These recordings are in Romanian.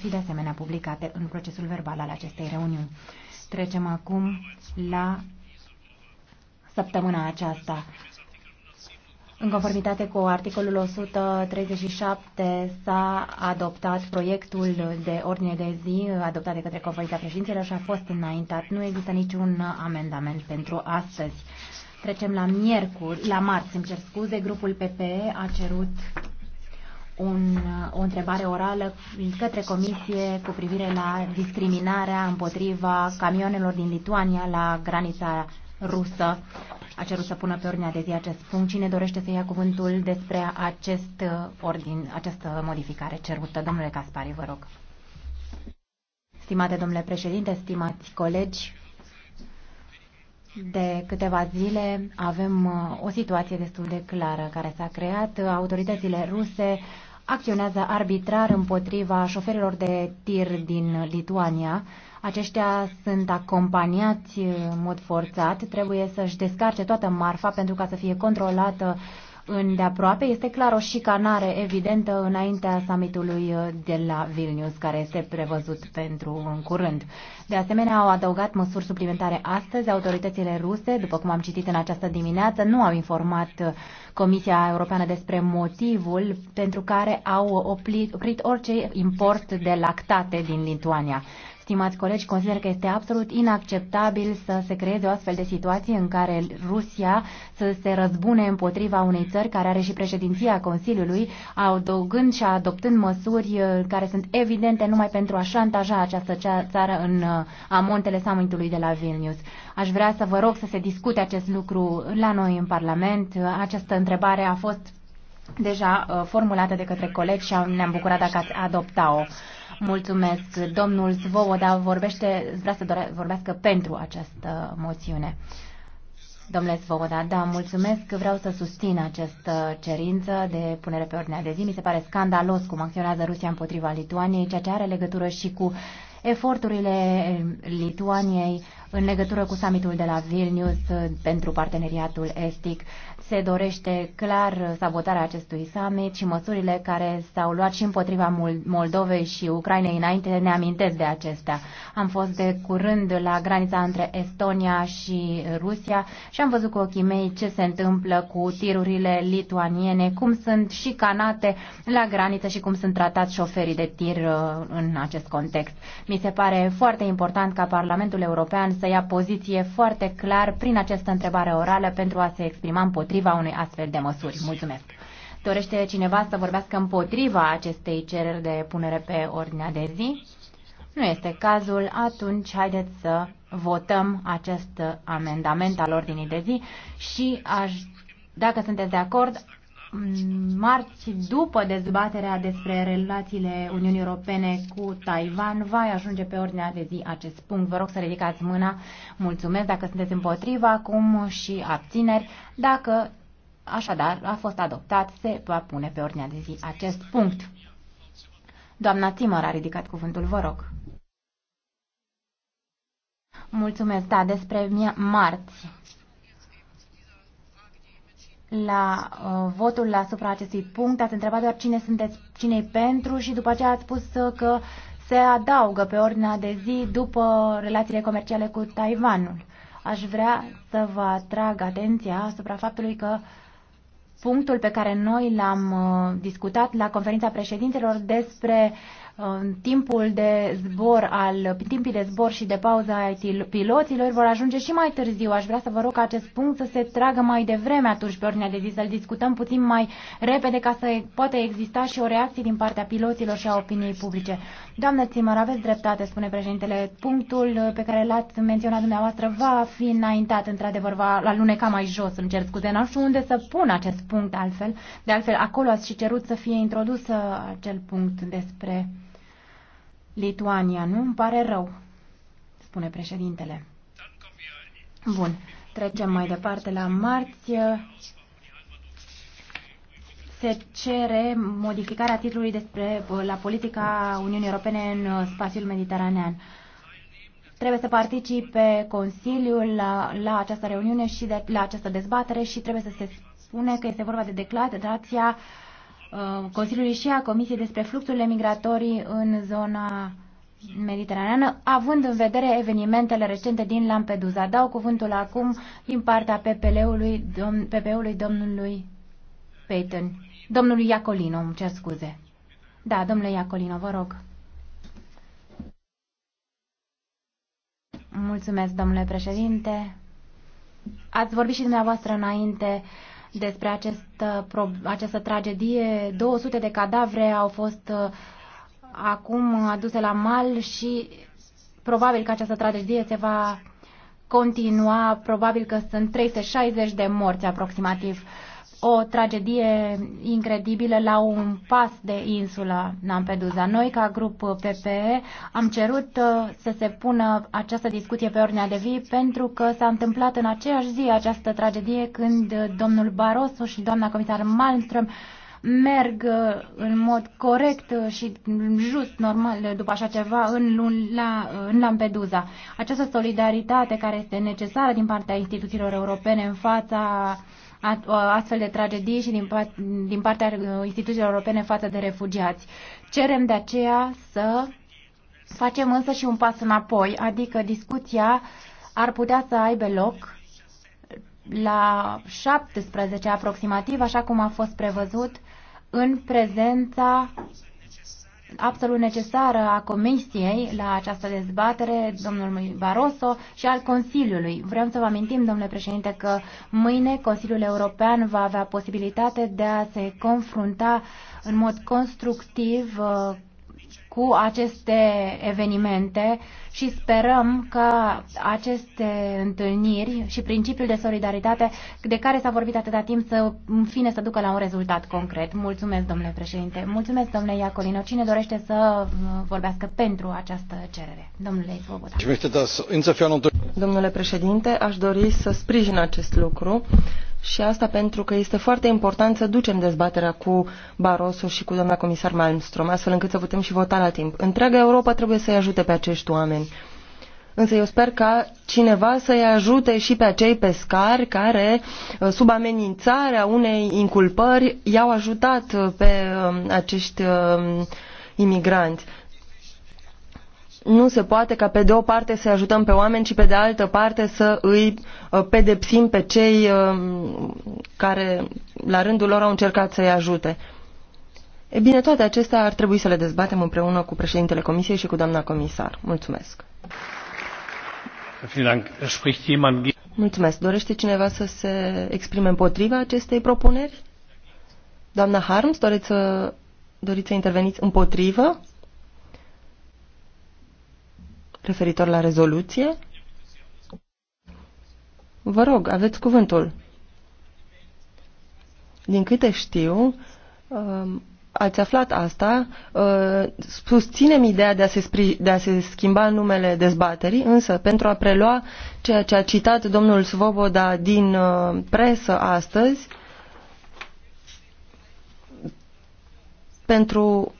fi de asemenea publicate în procesul verbal al acestei reuniuni. Trecem acum la săptămâna aceasta. În conformitate cu articolul 137 s-a adoptat proiectul de ordine de zi adoptat de către Conferința Președinților și a fost înaintat. Nu există niciun amendament pentru astăzi. Trecem la miercuri, la marți, îmi cer scuze, grupul PPE a cerut un, o întrebare orală către Comisie cu privire la discriminarea împotriva camioanelor din Lituania la granița rusă. A cerut să pună pe ordinea de zi acest punct. Cine dorește să ia cuvântul despre acest uh, ordin, această modificare cerută? Domnule Caspari, vă rog. Stimate domnule președinte, stimați colegi, de câteva zile avem uh, o situație destul de clară care s-a creat. Autoritățile ruse acționează arbitrar împotriva șoferilor de tir din Lituania. Aceștia sunt acompaniați în mod forțat, trebuie să-și descarce toată marfa pentru ca să fie controlată îndeaproape. Este clar o șicanare evidentă înaintea summitului uh, de la Vilnius, care este prevăzut pentru în curând. De asemenea, au adăugat măsuri suplimentare astăzi. Autoritățile ruse, după cum am citit în această dimineață, nu au informat uh, Comisia Europeană despre motivul pentru care au oprit orice import de lactate din Lituania stimați colegi, consider că este absolut inacceptabil să se creeze o astfel de situație în care Rusia să se răzbune împotriva unei țări care are și președinția Consiliului, adăugând și adoptând măsuri uh, care sunt evidente numai pentru a șantaja această țară în uh, amontele summitului de la Vilnius. Aș vrea să vă rog să se discute acest lucru la noi în Parlament. Această întrebare a fost deja uh, formulată de către colegi și ne-am bucurat dacă ați adopta-o. Mulțumesc. Domnul Svoboda vorbește, vrea să dore, vorbească pentru această moțiune. Domnule Svoboda, da, mulțumesc. Vreau să susțin această cerință de punere pe ordinea de zi. Mi se pare scandalos cum acționează Rusia împotriva Lituaniei, ceea ce are legătură și cu eforturile Lituaniei în legătură cu summitul de la Vilnius uh, pentru parteneriatul estic. Se dorește clar sabotarea acestui summit și măsurile care s-au luat și împotriva Moldovei și Ucrainei înainte ne amintesc de acestea. Am fost de curând la granița între Estonia și Rusia și am văzut cu ochii mei ce se întâmplă cu tirurile lituaniene, cum sunt și canate la graniță și cum sunt tratați șoferii de tir uh, în acest context. Mi se pare foarte important ca Parlamentul European să ia poziție foarte clar prin această întrebare orală pentru a se exprima împotriva unei astfel de măsuri. Mulțumesc! Dorește cineva să vorbească împotriva acestei cereri de punere pe ordinea de zi? Nu este cazul, atunci haideți să votăm acest amendament al ordinii de zi și aș, dacă sunteți de acord, marți, după dezbaterea despre relațiile Uniunii Europene cu Taiwan, va ajunge pe ordinea de zi acest punct. Vă rog să ridicați mâna. Mulțumesc dacă sunteți împotriva acum și abțineri. Dacă așadar a fost adoptat, se va pune pe ordinea de zi acest punct. Doamna Timor a ridicat cuvântul, vă rog. Mulțumesc, da, despre marți la uh, votul asupra acestui punct, ați întrebat doar cine sunteți, cine e pentru și după aceea ați spus că se adaugă pe ordinea de zi după relațiile comerciale cu Taiwanul. Aș vrea să vă atrag atenția asupra faptului că punctul pe care noi l-am uh, discutat la conferința președintelor despre în timpul de zbor al timpii de zbor și de pauză ai piloților vor ajunge și mai târziu. Aș vrea să vă rog ca acest punct să se tragă mai devreme atunci pe ordinea de zi, să-l discutăm puțin mai repede ca să poată exista și o reacție din partea piloților și a opiniei publice. Doamnă Țimăr, aveți dreptate, spune președintele. Punctul pe care l-ați menționat dumneavoastră va fi înaintat, într-adevăr, va aluneca mai jos, îmi cer scuze, n-am știu unde să pun acest punct altfel. De altfel, acolo ați și cerut să fie introdus uh, acel punct despre Lituania, nu? Îmi pare rău, spune președintele. Bun, trecem mai departe la marți. Se cere modificarea titlului despre la politica Uniunii Europene în uh, spațiul mediteranean. Trebuie să participe Consiliul la, la această reuniune și de, la această dezbatere și trebuie să se spune că este vorba de declarația uh, Uh, Consiliului și a Comisiei despre fluxurile migratorii în zona mediteraneană, având în vedere evenimentele recente din Lampedusa. Dau cuvântul acum din partea PPL-ului, domn, PPL-ului domnului Peyton. Domnului Iacolino, îmi cer scuze. Da, domnule Iacolino, vă rog. Mulțumesc, domnule președinte. Ați vorbit și dumneavoastră înainte uh, despre această, uh, această tragedie. 200 de cadavre au fost uh, acum aduse la mal și probabil că această tragedie se va continua, probabil că sunt 360 de morți aproximativ o tragedie incredibilă la un pas de insulă, nampeduza. Noi, ca grup PPE, am cerut uh, să se pună această discuție pe ordinea de zi pentru că s-a întâmplat în aceeași zi această tragedie când uh, domnul Barroso și doamna comisar Malmström merg uh, în mod corect și just normal după așa ceva în, la, în Lampedusa. Această solidaritate care este necesară din partea instituțiilor europene în fața uh, astfel de tragedii și din, din partea uh, instituțiilor europene față de refugiați. Cerem de aceea să facem însă și un pas înapoi, adică discuția ar putea să aibă loc la 17 aproximativ, așa cum a fost prevăzut, în prezența absolut necesară a Comisiei la această dezbatere, domnului Barroso și al Consiliului. Vrem să vă amintim, domnule președinte, că mâine Consiliul European va avea posibilitate de a se confrunta în mod constructiv uh, cu aceste evenimente și sperăm că aceste întâlniri și principiul de solidaritate de care s-a vorbit atâta timp să în fine să ducă la un rezultat concret. Mulțumesc, domnule președinte. Mulțumesc, domnule Iacolino. Cine dorește să uh, vorbească pentru această cerere? Domnule Svoboda. Domnule președinte, aș dori să sprijin acest lucru și asta pentru că este foarte important să ducem dezbaterea cu Barroso și cu doamna comisar Malmström, astfel încât să putem și vota la timp. Întreaga Europa trebuie să-i ajute pe acești oameni. Însă eu sper ca cineva să-i ajute și pe acei pescari care, uh, sub amenințarea unei inculpări, i-au ajutat uh, pe um, acești um, imigranți nu se poate ca pe de o parte să ajutăm pe oameni și pe de altă parte să îi uh, pedepsim pe cei uh, care la rândul lor au încercat să-i ajute. E bine, toate acestea ar trebui să le dezbatem împreună cu președintele Comisiei și cu doamna comisar. Mulțumesc. Mulțumesc. Dorește cineva să se exprime împotriva acestei propuneri? Doamna Harms, doriți să, doriți să interveniți împotrivă? referitor la rezoluție? Vă rog, aveți cuvântul. Din câte știu, um, ați aflat asta, uh, susținem ideea de a, se de a se schimba numele dezbaterii, însă pentru a prelua ceea ce a citat domnul Svoboda din uh, presă astăzi, pentru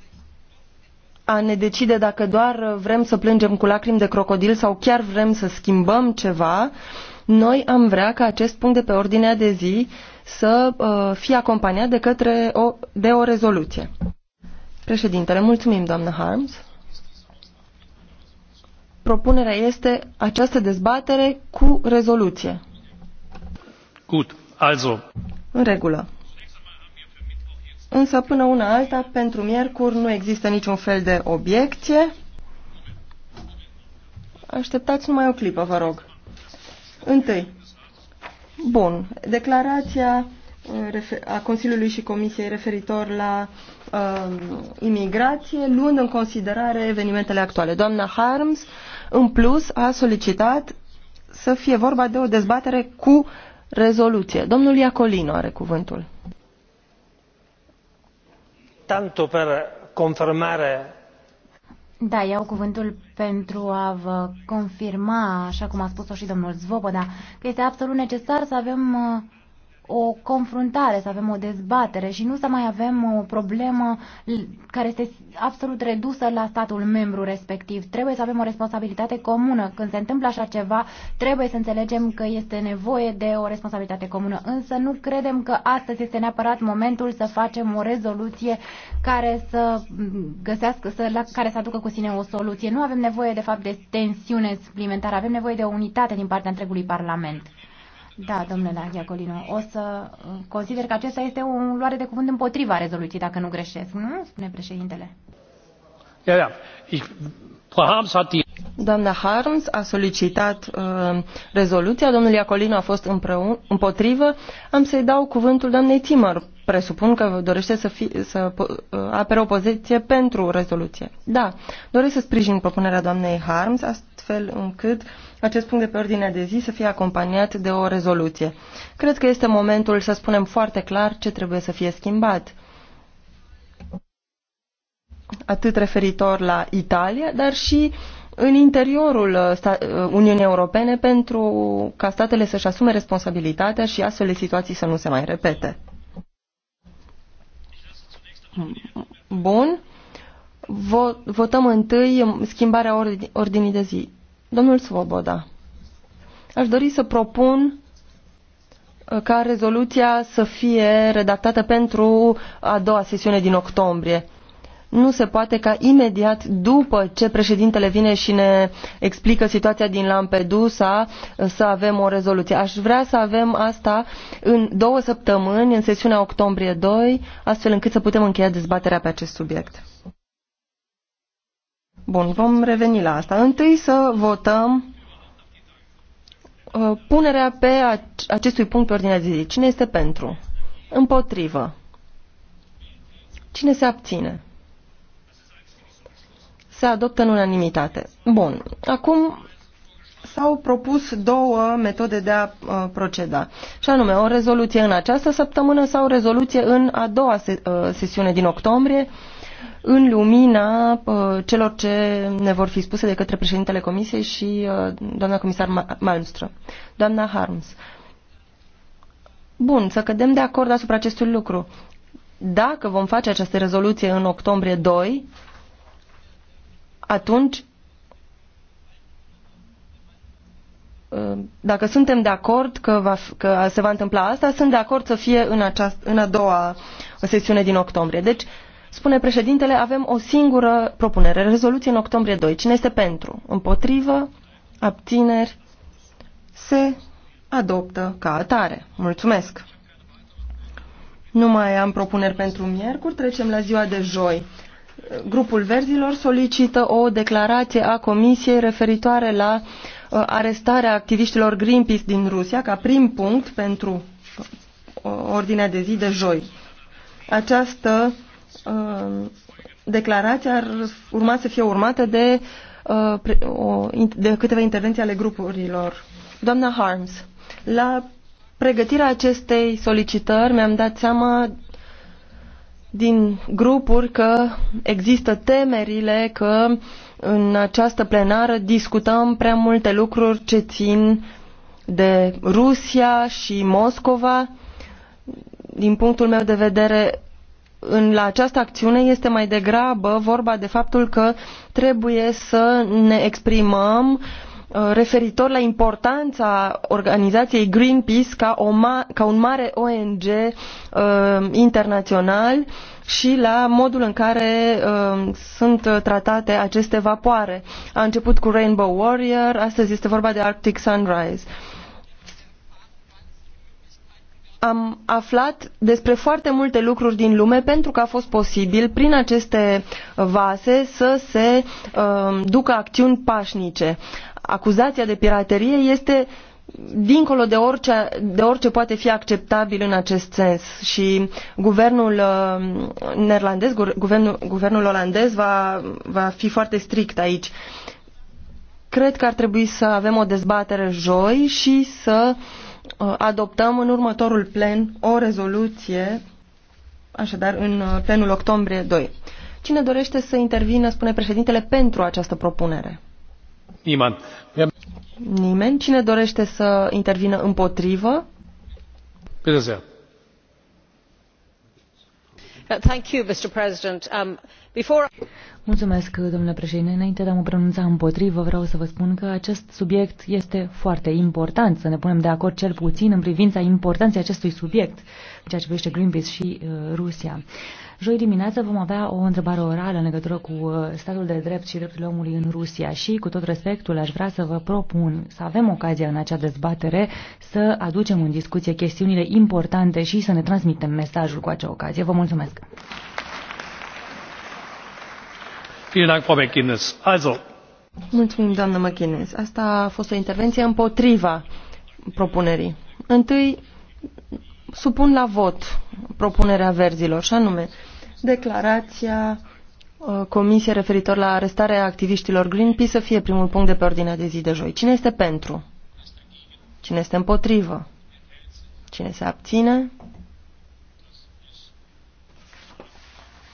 a ne decide dacă doar vrem să plângem cu lacrimi de crocodil sau chiar vrem să schimbăm ceva, noi am vrea ca acest punct de pe ordinea de zi să uh, fie acompaniat de, către o, de o rezoluție. Președintele, mulțumim, doamnă Harms. Propunerea este această dezbatere cu rezoluție. Gut, also. În regulă. Însă până una alta, pentru miercuri nu există niciun fel de obiecție. Așteptați numai o clipă, vă rog. Întâi. Bun. Declarația uh, a Consiliului și Comisiei referitor la uh, imigrație, luând în considerare evenimentele actuale. Doamna Harms, în plus, a solicitat să fie vorba de o dezbatere cu rezoluție. Domnul Iacolino are cuvântul. Tanto per confermare da, iau cuvântul pentru a vă confirma, așa cum a spus-o și domnul Zvoboda, că este absolut necesar să avem uh, o confruntare, să avem o dezbatere și nu să mai avem o problemă care este absolut redusă la statul membru respectiv. Trebuie să avem o responsabilitate comună. Când se întâmplă așa ceva, trebuie să înțelegem că este nevoie de o responsabilitate comună. Însă nu credem că astăzi este neapărat momentul să facem o rezoluție care să găsească, să, la, care să aducă cu sine o soluție. Nu avem nevoie, de fapt, de tensiune suplimentară. Avem nevoie de o unitate din partea întregului Parlament. Da, domnule Iacolino, o să uh, consider că acesta este o luare de cuvânt împotriva rezoluției, dacă nu greșesc, nu? Spune președintele. Ja, ja. Ich, Harms hat die... Doamna Harms a solicitat uh, rezoluția, domnul Iacolino a fost împreun, împotrivă. Am să-i dau cuvântul doamnei Timăr. Presupun că dorește să, fi, să uh, apere o poziție pentru rezoluție. Da, doresc să sprijin propunerea doamnei Harms, astfel încât acest punct de pe ordine de zi să fie acompaniat de o rezoluție. Cred că este momentul să spunem foarte clar ce trebuie să fie schimbat. Atât referitor la Italia, dar și în interiorul uh, uh, Uniunii Europene pentru ca statele să-și asume responsabilitatea și astfel de situații să nu se mai repete. Bun. Votăm întâi schimbarea ordinii de zi. Domnul Svoboda, aș dori să propun uh, ca rezoluția să fie redactată pentru a doua sesiune din octombrie. Nu se poate ca imediat după ce președintele vine și ne explică situația din Lampedusa uh, să avem o rezoluție. Aș vrea să avem asta în două săptămâni, în sesiunea octombrie 2, astfel încât să putem încheia dezbaterea pe acest subiect. Bun, vom reveni la asta. Întâi să votăm uh, punerea pe acestui punct pe ordinea de zi. Cine este pentru? Împotrivă. Cine se abține? Se adoptă în unanimitate. Bun. Acum s-au propus două metode de a uh, proceda. Și anume, o rezoluție în această săptămână sau o rezoluție în a doua uh, sesiune din octombrie în lumina uh, celor ce ne vor fi spuse de către președintele Comisiei și uh, doamna comisar Malmström. Doamna Harms. Bun, să cădem de acord asupra acestui lucru. Dacă vom face această rezoluție în octombrie 2, atunci uh, dacă suntem de acord că, va, că se va întâmpla asta, sunt de acord să fie în, aceast, în a doua sesiune din octombrie. Deci, Spune președintele, avem o singură propunere. Rezoluție în octombrie 2. Cine este pentru? Împotrivă? Abțineri? Se adoptă ca atare. Mulțumesc! Nu mai am propuneri pentru miercuri, trecem la ziua de joi. Grupul Verzilor solicită o declarație a Comisiei referitoare la uh, arestarea activiștilor Greenpeace din Rusia ca prim punct pentru uh, ordinea de zi de joi. Această Um, declarația ar urma să fie urmată de, uh, de câteva intervenții ale grupurilor. Doamna Harms, la pregătirea acestei solicitări mi-am dat seama din grupuri că există temerile că în această plenară discutăm prea multe lucruri ce țin de Rusia și Moscova. Din punctul meu de vedere, în, la această acțiune este mai degrabă vorba de faptul că trebuie să ne exprimăm uh, referitor la importanța organizației Greenpeace ca, o ma, ca un mare ONG uh, internațional și la modul în care uh, sunt tratate aceste vapoare. A început cu Rainbow Warrior, astăzi este vorba de Arctic Sunrise. Uh, am aflat despre foarte multe lucruri din lume pentru că a fost posibil prin aceste vase să se uh, ducă acțiuni pașnice. Acuzația de piraterie este dincolo de orice, de orice poate fi acceptabil în acest sens și guvernul uh, neerlandez, guvernul, guvernul olandez va, va fi foarte strict aici. Cred că ar trebui să avem o dezbatere joi și să uh, Uh, adoptăm în următorul plen o rezoluție, așadar în uh, plenul octombrie 2. Cine dorește să intervină, spune președintele, pentru această propunere? Nimeni. Nimeni. Cine dorește să intervină împotrivă? Bitte uh, Thank you, Mr. President. Um, Mulțumesc, domnule președinte. Înainte de a mă pronunța împotrivă, vreau să vă spun că acest subiect este foarte important, să ne punem de acord cel puțin în privința importanței acestui subiect, în ceea ce privește Greenpeace și uh, Rusia. Joi dimineață vom avea o întrebare orală în legătură cu uh, statul de drept și drepturile omului în Rusia și, cu tot respectul, aș vrea să vă propun să avem ocazia în acea dezbatere să aducem în discuție chestiunile importante și să ne transmitem mesajul cu acea ocazie. Vă mulțumesc! Mulțumim, doamnă McGuinness. Asta a fost o intervenție împotriva propunerii. Întâi, supun la vot propunerea verzilor, și anume declarația uh, Comisiei referitor la arestarea activiștilor Greenpeace să fie primul punct de pe ordinea de zi de joi. Cine este pentru? Cine este împotrivă? Cine se abține?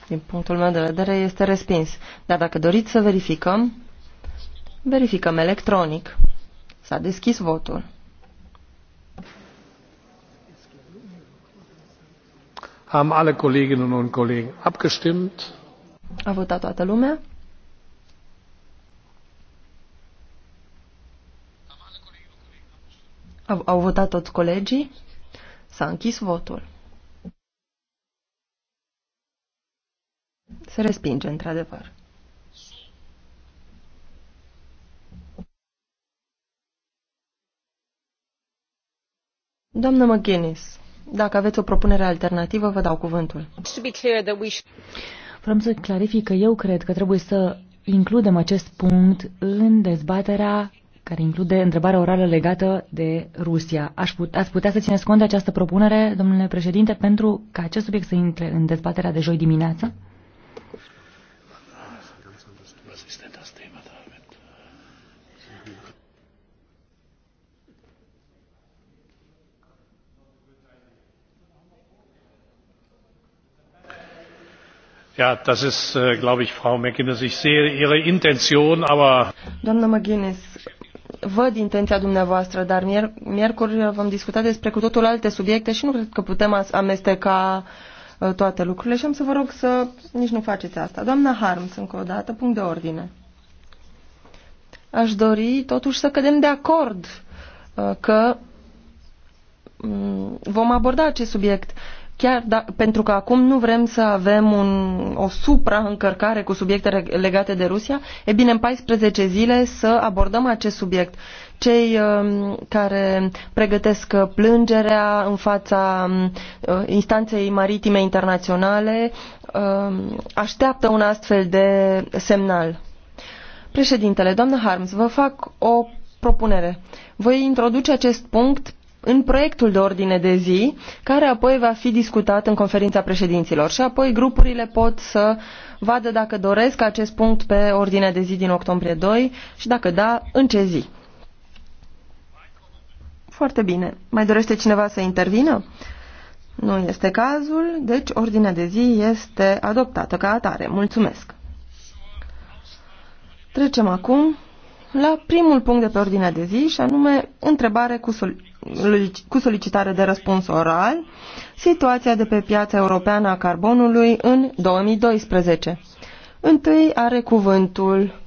din punctul meu de vedere, este respins. Dar dacă doriți să verificăm, verificăm electronic. S-a deschis votul. Am alle Kolleginnen und Kollegen abgestimmt? A votat toată lumea? Au, au votat toți colegii? S-a închis votul. Se respinge, într-adevăr. Doamnă McGuinness, dacă aveți o propunere alternativă, vă dau cuvântul. Vreau să clarific că eu cred că trebuie să includem acest punct în dezbaterea care include întrebarea orală legată de Rusia. Aș put, ați putea să țineți cont de această propunere, domnule președinte, pentru ca acest subiect să intre în dezbaterea de joi dimineață? Ja, das ist, äh, glaube ich, Frau McGuinness. Ich sehe Ihre Intention, aber. McGuinness, văd intenția dumneavoastră, dar miercuri vom discuta despre cu totul alte subiecte și nu cred că putem amesteca uh, toate lucrurile și am să vă rog să nici nu faceți asta. Doamna Harms, încă o dată, punct de ordine aș dori totuși să cădem de acord uh, că mm, vom aborda acest subiect. Chiar da, pentru că acum nu vrem să avem un, o supraîncărcare cu subiecte legate de Rusia, e bine, în 14 zile să abordăm acest subiect. Cei uh, care pregătesc plângerea în fața uh, instanței maritime internaționale uh, așteaptă un astfel de semnal. Președintele, doamnă Harms, vă fac o propunere. Voi introduce acest punct în proiectul de ordine de zi, care apoi va fi discutat în conferința președinților și apoi grupurile pot să vadă dacă doresc acest punct pe ordinea de zi din octombrie 2 și dacă da, în ce zi. Foarte bine. Mai dorește cineva să intervină? Nu este cazul, deci ordinea de zi este adoptată ca atare. Mulțumesc! Trecem acum la primul punct de pe ordinea de zi și anume întrebare cu, sol cu solicitare de răspuns oral, situația de pe piața europeană a carbonului în 2012. Întâi are cuvântul